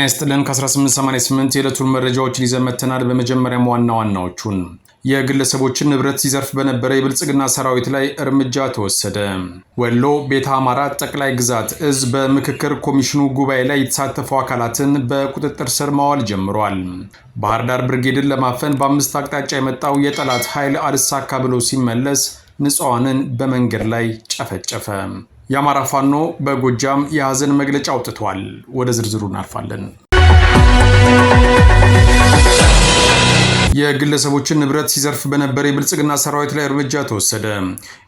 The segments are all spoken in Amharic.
ጤና ይስጥልን ከ1888 የዕለቱን መረጃዎችን ይዘን መጥተናል። በመጀመሪያም ዋና ዋናዎቹን የግለሰቦችን ንብረት ሲዘርፍ በነበረ የብልጽግና ሰራዊት ላይ እርምጃ ተወሰደ። ወሎ ቤተ አማራ ጠቅላይ ግዛት እዝ በምክክር ኮሚሽኑ ጉባኤ ላይ የተሳተፉ አካላትን በቁጥጥር ስር ማዋል ጀምሯል። ባህር ዳር ብርጌድን ለማፈን በአምስት አቅጣጫ የመጣው የጠላት ኃይል አልሳካ ብሎ ሲመለስ ንጹሐንን በመንገድ ላይ ጨፈጨፈ። የአማራ ፋኖ በጎጃም የሐዘን መግለጫ አውጥተዋል። ወደ ዝርዝሩ እናልፋለን። የግለሰቦችን ንብረት ሲዘርፍ በነበረ የብልጽግና ሰራዊት ላይ እርምጃ ተወሰደ።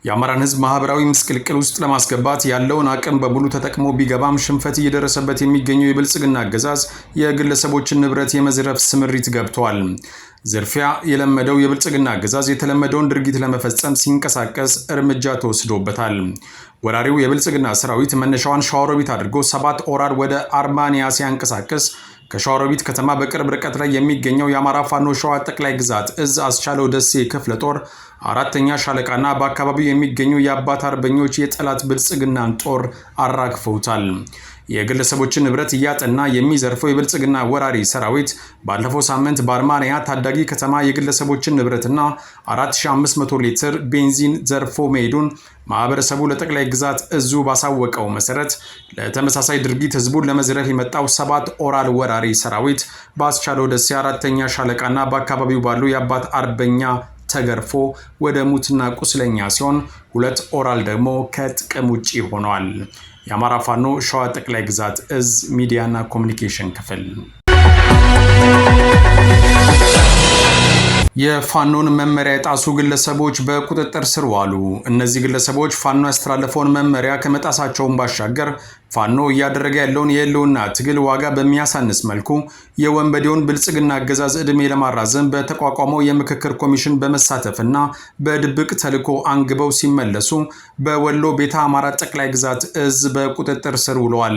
የአማራን ህዝብ ማህበራዊ ምስቅልቅል ውስጥ ለማስገባት ያለውን አቅም በሙሉ ተጠቅሞ ቢገባም ሽንፈት እየደረሰበት የሚገኘው የብልጽግና አገዛዝ የግለሰቦችን ንብረት የመዝረፍ ስምሪት ገብቷል። ዝርፊያ የለመደው የብልጽግና አገዛዝ የተለመደውን ድርጊት ለመፈጸም ሲንቀሳቀስ እርምጃ ተወስዶበታል። ወራሪው የብልጽግና ሰራዊት መነሻዋን ሸዋሮቢት አድርጎ ሰባት ኦራል ወደ አርማንያ ሲያንቀሳቀስ ከሸዋሮቢት ከተማ በቅርብ ርቀት ላይ የሚገኘው የአማራ ፋኖ ሸዋ ጠቅላይ ግዛት እዝ አስቻለው ደሴ ክፍለ ጦር አራተኛ ሻለቃና በአካባቢው የሚገኙ የአባት አርበኞች የጠላት ብልጽግናን ጦር አራግፈውታል። የግለሰቦችን ንብረት እያጠና የሚዘርፈው የብልጽግና ወራሪ ሰራዊት ባለፈው ሳምንት በአርማንያ ታዳጊ ከተማ የግለሰቦችን ንብረትና 4500 ሊትር ቤንዚን ዘርፎ መሄዱን ማህበረሰቡ ለጠቅላይ ግዛት እዙ ባሳወቀው መሰረት ለተመሳሳይ ድርጊት ህዝቡን ለመዝረፍ የመጣው ሰባት ኦራል ወራሪ ሰራዊት በአስቻለው ደሴ አራተኛ ሻለቃና በአካባቢው ባሉ የአባት አርበኛ ተገርፎ ወደ ሙትና ቁስለኛ ሲሆን ሁለት ኦራል ደግሞ ከጥቅም ውጪ ሆነዋል። የአማራ ፋኖ ሸዋ ጠቅላይ ግዛት እዝ ሚዲያና ኮሚኒኬሽን ክፍል የፋኖን መመሪያ የጣሱ ግለሰቦች በቁጥጥር ስር ዋሉ። እነዚህ ግለሰቦች ፋኖ ያስተላለፈውን መመሪያ ከመጣሳቸውን ባሻገር ፋኖ እያደረገ ያለውን የህልውና ትግል ዋጋ በሚያሳንስ መልኩ የወንበዴውን ብልጽግና አገዛዝ ዕድሜ ለማራዘም በተቋቋመው የምክክር ኮሚሽን በመሳተፍና በድብቅ ተልዕኮ አንግበው ሲመለሱ በወሎ ቤተ አማራ ጠቅላይ ግዛት እዝ በቁጥጥር ስር ውለዋል።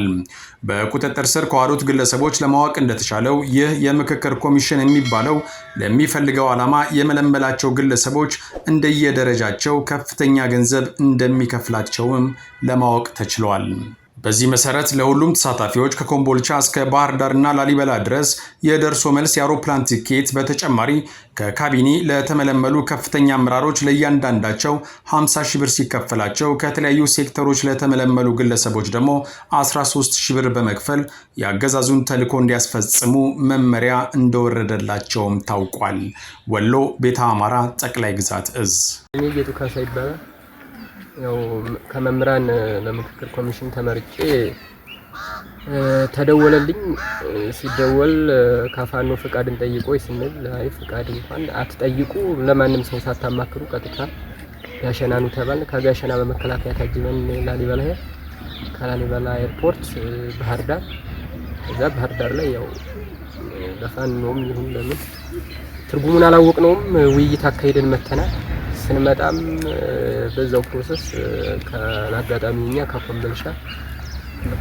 በቁጥጥር ስር ከዋሉት ግለሰቦች ለማወቅ እንደተቻለው ይህ የምክክር ኮሚሽን የሚባለው ለሚፈልገው ዓላማ የመለመላቸው ግለሰቦች እንደየደረጃቸው ከፍተኛ ገንዘብ እንደሚከፍላቸውም ለማወቅ ተችሏል። በዚህ መሰረት ለሁሉም ተሳታፊዎች ከኮምቦልቻ እስከ ባህር ዳርና ላሊበላ ድረስ የደርሶ መልስ የአውሮፕላን ቲኬት በተጨማሪ ከካቢኒ ለተመለመሉ ከፍተኛ አመራሮች ለእያንዳንዳቸው 50 ሺ ብር ሲከፈላቸው ከተለያዩ ሴክተሮች ለተመለመሉ ግለሰቦች ደግሞ 13 ሺ ብር በመክፈል የአገዛዙን ተልዕኮ እንዲያስፈጽሙ መመሪያ እንደወረደላቸውም ታውቋል። ወሎ ቤተ አማራ ጠቅላይ ግዛት እዝ ጌቱ ካሳ ይባላል። ያው ከመምህራን በምክክር ኮሚሽን ተመርጬ ተደወለልኝ። ሲደወል ከፋኖ ፍቃድን ጠይቆ ስንል አይ ፍቃድ እንኳን አትጠይቁ፣ ለማንም ሰው ሳታማክሩ ቀጥታ ጋሸና ነው ተባልን። ከጋሸና በመከላከያ ታጅበን ላሊበላ ከላሊበላ ኤርፖርት ባህር ዳር እዛ ባህር ዳር ላይ ያው ለፋኖም ይሁን ለምን ትርጉሙን አላወቅነውም። ውይይት አካሄደን መተናል። ስንመጣም በዛው ፕሮሰስ ከአጋጣሚ እኛ ከኮምበልሻ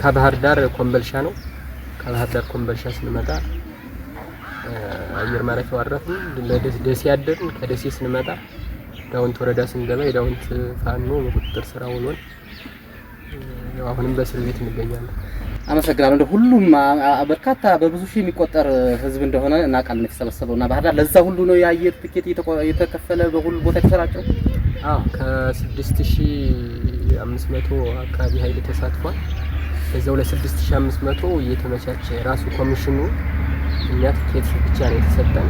ከባህር ዳር ኮምበልሻ ነው። ከባህር ዳር ኮምበልሻ ስንመጣ አየር ማረፊያው አረፍን፣ ደሴ ያደርን። ከደሴ ስንመጣ ዳውንት ወረዳ ስንገባ የዳውንት ፋኖ በቁጥጥር ስራ ውሎን ያው አሁንም በእስር ቤት እንገኛለን። አመሰግናለሁ። እንደ ሁሉም በርካታ በብዙ ሺህ የሚቆጠር ህዝብ እንደሆነ እናውቃለን ቃል የተሰበሰበው እና ባህር ዳር ለዛ ሁሉ ነው የአየር ትኬት እየተከፈለ በሁሉ ቦታ የተሰራጨው። ከ6500 አካባቢ ኃይል ተሳትፏል። እዛው ለ6500 እየተመቻቸ ራሱ ኮሚሽኑ እኛ ትኬት ብቻ ነው የተሰጠን።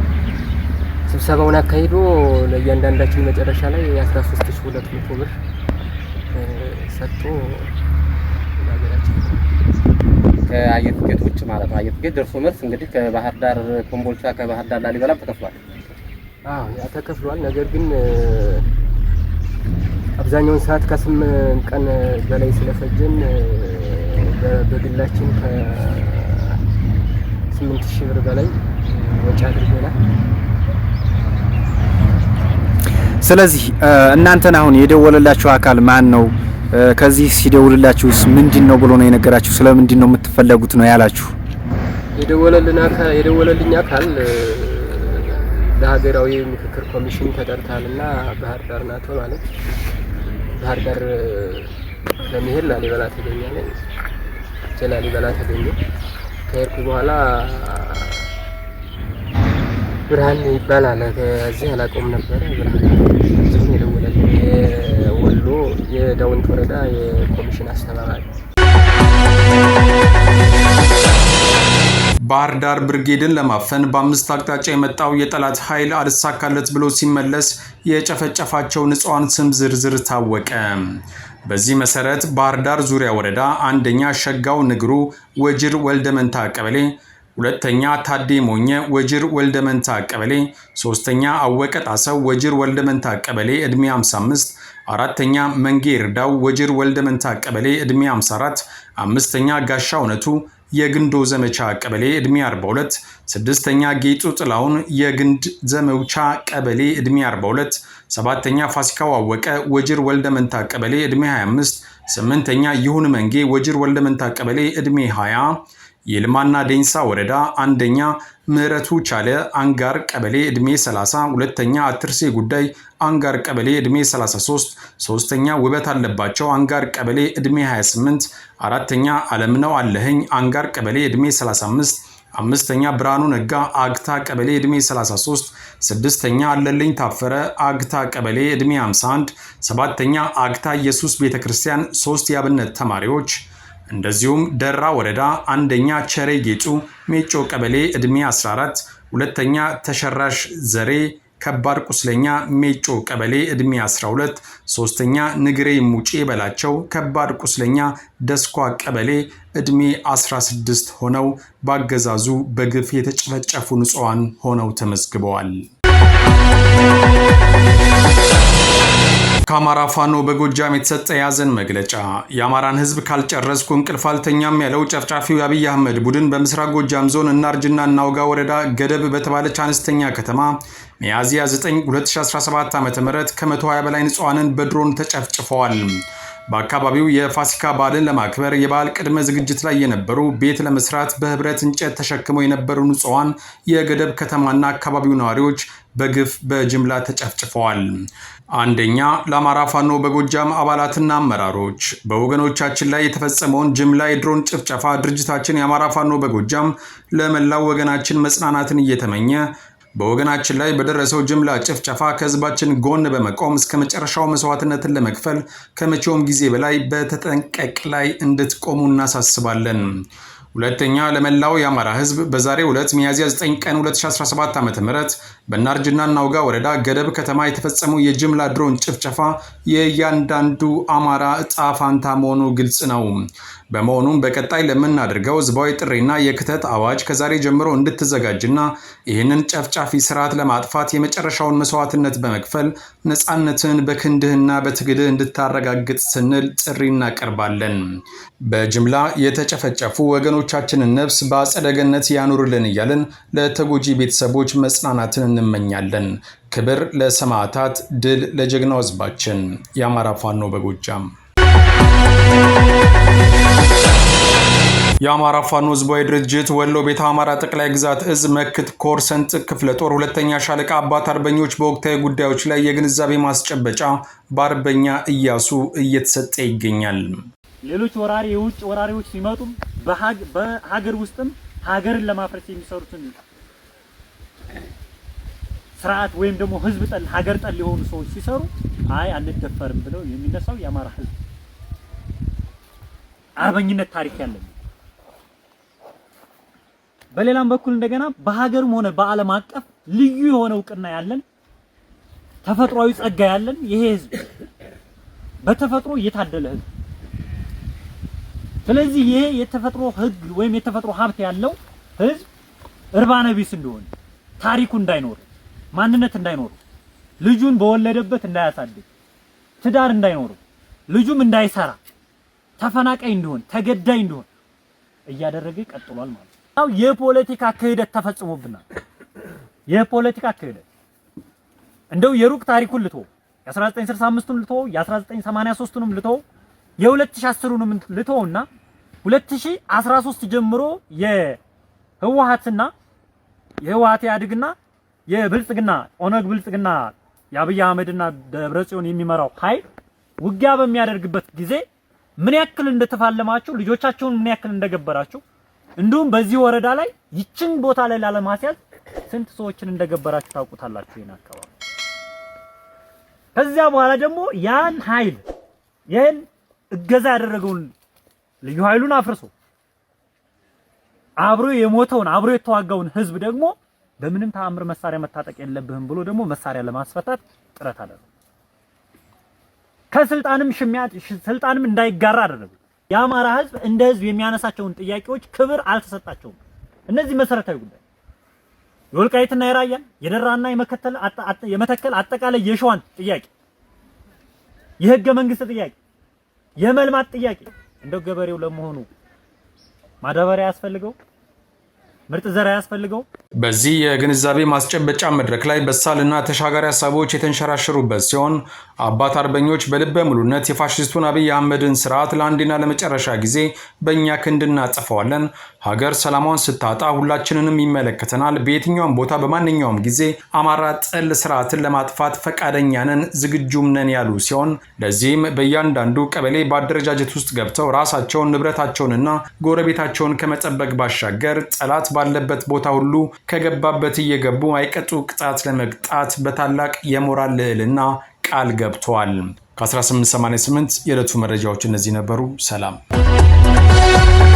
ስብሰባውን አካሂዶ ለእያንዳንዳችን መጨረሻ ላይ 13200 ብር ሰጥቶ ከአየር ትኬት ውጭ ማለት ነው። አየር ትኬት ደርሶ መልስ እንግዲህ ከባህር ዳር ኮምቦልቻ፣ ከባህር ዳር ላሊበላም ተከፍሏል። አዎ ያ ተከፍሏል። ነገር ግን አብዛኛውን ሰዓት ከስምንት ቀን በላይ ስለፈጀን በግላችን ከስምንት ሺህ ብር በላይ ወጪ አድርገናል። ስለዚህ እናንተን አሁን የደወለላችሁ አካል ማን ነው? ከዚህ ሲደውልላችሁስ ምንድን ነው ብሎ ነው የነገራችሁ? ስለምንድን ነው የምትፈለጉት ነው ያላችሁ? የደወለልኝ አካል ለሀገራዊ ምክክር ኮሚሽን ተጠርታልና ባህር ዳር ናቶ ማለት ባህር ዳር ለመሄድ ላሊበላ ተገኛለሁ። ላሊበላ ተገኘ። ከሄድኩ በኋላ ብርሃን ይባላል። ከዚህ አላውቀውም ነበረ። ብርሃን የደወለልኝ የወሎ የዳውንት ወረዳ የኮሚሽን አስተባባሪ ባህር ዳር ብርጌድን ለማፈን በአምስት አቅጣጫ የመጣው የጠላት ኃይል አልሳካለት ብሎ ሲመለስ የጨፈጨፋቸው ንጹሐን ስም ዝርዝር ታወቀ። በዚህ መሰረት ባህር ዳር ዙሪያ ወረዳ አንደኛ ሸጋው ንግሩ ወጅር ወልደመንታ ቀበሌ ሁለተኛ ታዴ ሞኘ ወጅር ወልደመንታ ቀበሌ፣ ሶስተኛ አወቀ ጣሰው ወጅር ወልደመንታ ቀበሌ ዕድሜ 55፣ አራተኛ መንጌ ርዳው ወጅር ወልደመንታ ቀበሌ ዕድሜ 54፣ አምስተኛ ጋሻ እውነቱ የግንዶ ዘመቻ ቀበሌ ዕድሜ 42፣ ስድስተኛ ጌጡ ጥላውን የግንድ ዘመቻ ቀበሌ ዕድሜ 42፣ ሰባተኛ ፋሲካው አወቀ ወጅር ወልደመንታ ቀበሌ ዕድሜ 25፣ ስምንተኛ ይሁን መንጌ ወጅር ወልደመንታ ቀበሌ ዕድሜ 20 የልማና ደኝሳ ወረዳ አንደኛ ምህረቱ ቻለ አንጋር ቀበሌ ዕድሜ 30፣ ሁለተኛ አትርሴ ጉዳይ አንጋር ቀበሌ ዕድሜ 33፣ ሶስተኛ ውበት አለባቸው አንጋር ቀበሌ ዕድሜ 28፣ አራተኛ አለምነው አለህኝ አንጋር ቀበሌ ዕድሜ 35፣ አምስተኛ ብርሃኑ ነጋ አግታ ቀበሌ ዕድሜ 33፣ ስድስተኛ አለልኝ ታፈረ አግታ ቀበሌ ዕድሜ 51፣ ሰባተኛ አግታ ኢየሱስ ቤተክርስቲያን ሶስት የአብነት ተማሪዎች እንደዚሁም ደራ ወረዳ አንደኛ ቸሬ ጌጡ ሜጮ ቀበሌ ዕድሜ 14፣ ሁለተኛ ተሸራሽ ዘሬ ከባድ ቁስለኛ ሜጮ ቀበሌ ዕድሜ 12፣ ሶስተኛ ንግሬ ሙጬ በላቸው ከባድ ቁስለኛ ደስኳ ቀበሌ ዕድሜ 16 ሆነው በአገዛዙ በግፍ የተጨፈጨፉ ንጹሐን ሆነው ተመዝግበዋል። ከአማራ ፋኖ በጎጃም የተሰጠ የሐዘን መግለጫ። የአማራን ህዝብ ካልጨረስኩ እንቅልፍ አልተኛም ያለው ጨፍጫፊው የአብይ አህመድ ቡድን በምስራቅ ጎጃም ዞን እናርጅና እናውጋ ወረዳ ገደብ በተባለች አነስተኛ ከተማ ሚያዝያ 9 2017 ዓ ም ከ120 በላይ ንጹሐንን በድሮን ተጨፍጭፈዋል። በአካባቢው የፋሲካ በዓልን ለማክበር የበዓል ቅድመ ዝግጅት ላይ የነበሩ ቤት ለመስራት በህብረት እንጨት ተሸክመው የነበሩ ንጹሐን የገደብ ከተማና አካባቢው ነዋሪዎች በግፍ በጅምላ ተጨፍጭፈዋል። አንደኛ ለአማራ ፋኖ በጎጃም አባላትና አመራሮች በወገኖቻችን ላይ የተፈጸመውን ጅምላ የድሮን ጭፍጨፋ ድርጅታችን የአማራ ፋኖ በጎጃም ለመላው ወገናችን መጽናናትን እየተመኘ በወገናችን ላይ በደረሰው ጅምላ ጭፍጨፋ ከህዝባችን ጎን በመቆም እስከ መጨረሻው መስዋዕትነትን ለመክፈል ከመቼውም ጊዜ በላይ በተጠንቀቅ ላይ እንድትቆሙ እናሳስባለን። ሁለተኛ ለመላው የአማራ ህዝብ በዛሬ ዕለት ሚያዝያ 9 ቀን 2017 ም በናርጅና ናውጋ ወረዳ ገደብ ከተማ የተፈጸመው የጅምላ ድሮን ጭፍጨፋ የእያንዳንዱ አማራ እጣ ፋንታ መሆኑ ግልጽ ነው። በመሆኑም በቀጣይ ለምናደርገው ህዝባዊ ጥሪና የክተት አዋጅ ከዛሬ ጀምሮ እንድትዘጋጅና ይህንን ጨፍጫፊ ስርዓት ለማጥፋት የመጨረሻውን መስዋዕትነት በመክፈል ነፃነትን በክንድህና በትግልህ እንድታረጋግጥ ስንል ጥሪ እናቀርባለን። በጅምላ የተጨፈጨፉ ወገኖች የወገኖቻችንን ነፍስ በአጸደ ገነት ያኑርልን እያልን ለተጎጂ ቤተሰቦች መጽናናትን እንመኛለን። ክብር ለሰማዕታት፣ ድል ለጀግናው ህዝባችን የአማራ ፋኖ በጎጃም የአማራ ፋኖ ህዝባዊ ድርጅት ወሎ ቤተ አማራ ጠቅላይ ግዛት እዝ መክት ኮር ሰንጥቅ ክፍለ ጦር ሁለተኛ ሻለቃ አባት አርበኞች በወቅታዊ ጉዳዮች ላይ የግንዛቤ ማስጨበጫ በአርበኛ እያሱ እየተሰጠ ይገኛል። ሌሎች ወራሪ የውጭ ወራሪዎች ሲመጡም በሀገር ውስጥም ሀገርን ለማፍረስ የሚሰሩትን ስርዓት ወይም ደግሞ ህዝብ ጠል ሀገር ጠል የሆኑ ሰዎች ሲሰሩ አይ አንደፈርም ብለው የሚነሳው የአማራ ህዝብ አርበኝነት ታሪክ ያለን። በሌላም በኩል እንደገና በሀገርም ሆነ በዓለም አቀፍ ልዩ የሆነ እውቅና ያለን ተፈጥሯዊ ጸጋ ያለን ይሄ ህዝብ በተፈጥሮ እየታደለ ህዝብ ስለዚህ ይሄ የተፈጥሮ ህግ ወይም የተፈጥሮ ሀብት ያለው ህዝብ እርባና ቢስ እንደሆነ ታሪኩ እንዳይኖር ማንነት እንዳይኖር ልጁን በወለደበት እንዳያሳድግ ትዳር እንዳይኖር ልጁም እንዳይሰራ ተፈናቃይ እንደሆን ተገዳይ እንደሆን እያደረገ ቀጥሏል ማለት ነው። አው የፖለቲካ ክህደት ተፈጽሞብናል። የፖለቲካ ክህደት እንደው የሩቅ ታሪኩን ልቶ የ1965ቱን ልቶ የ1983ቱንም ልቶ የ2010ኑም ልተውና 2013 ጀምሮ የህወሓትና የህወሓት ኢህአዴግና የብልጽግና ኦነግ ብልጽግና የአብይ አህመድና ደብረጽዮን የሚመራው ኃይል ውጊያ በሚያደርግበት ጊዜ ምን ያክል እንደተፋለማችሁ ልጆቻችሁን ምን ያክል እንደገበራችሁ እንዲሁም በዚህ ወረዳ ላይ ይችን ቦታ ላይ ላለማስያዝ ስንት ሰዎችን እንደገበራችሁ ታውቁታላችሁ። ይሄን አካባቢ ከዚያ በኋላ ደግሞ ያን ኃይል ይህን እገዛ ያደረገውን ልዩ ኃይሉን አፍርሶ አብሮ የሞተውን አብሮ የተዋጋውን ህዝብ ደግሞ በምንም ተአምር መሳሪያ መታጠቅ የለብህም ብሎ ደግሞ መሳሪያ ለማስፈታት ጥረት አደረገ። ከስልጣንም ሽሚያ ስልጣንም እንዳይጋራ አደረጉ። የአማራ ህዝብ እንደ ህዝብ የሚያነሳቸውን ጥያቄዎች ክብር አልተሰጣቸውም። እነዚህ መሰረታዊ ጉዳይ የወልቃይትና የራያን የደራና የመከተል የመተከል አጠቃላይ የሸዋን ጥያቄ የህገ መንግስት ጥያቄ የመልማት ጥያቄ እንደው ገበሬው ለመሆኑ ማዳበሪያ ያስፈልገው? ምርጥ ዘር ያስፈልገው። በዚህ የግንዛቤ ማስጨበጫ መድረክ ላይ በሳልና ተሻጋሪ ሀሳቦች የተንሸራሸሩበት ሲሆን አባት አርበኞች በልበ ሙሉነት የፋሽስቱን አብይ አህመድን ስርዓት ለአንዴና ለመጨረሻ ጊዜ በእኛ ክንድ እናጽፈዋለን። ሀገር ሰላሟን ስታጣ ሁላችንንም ይመለከተናል። በየትኛውም ቦታ በማንኛውም ጊዜ አማራ ጥል ስርዓትን ለማጥፋት ፈቃደኛ ነን፣ ዝግጁም ነን ያሉ ሲሆን ለዚህም በእያንዳንዱ ቀበሌ በአደረጃጀት ውስጥ ገብተው ራሳቸውን ንብረታቸውንና ጎረቤታቸውን ከመጠበቅ ባሻገር ጠላት ባለበት ቦታ ሁሉ ከገባበት እየገቡ አይቀጡ ቅጣት ለመቅጣት በታላቅ የሞራል ልዕልና ቃል ገብተዋል። ከ1888 የዕለቱ መረጃዎች እነዚህ ነበሩ። ሰላም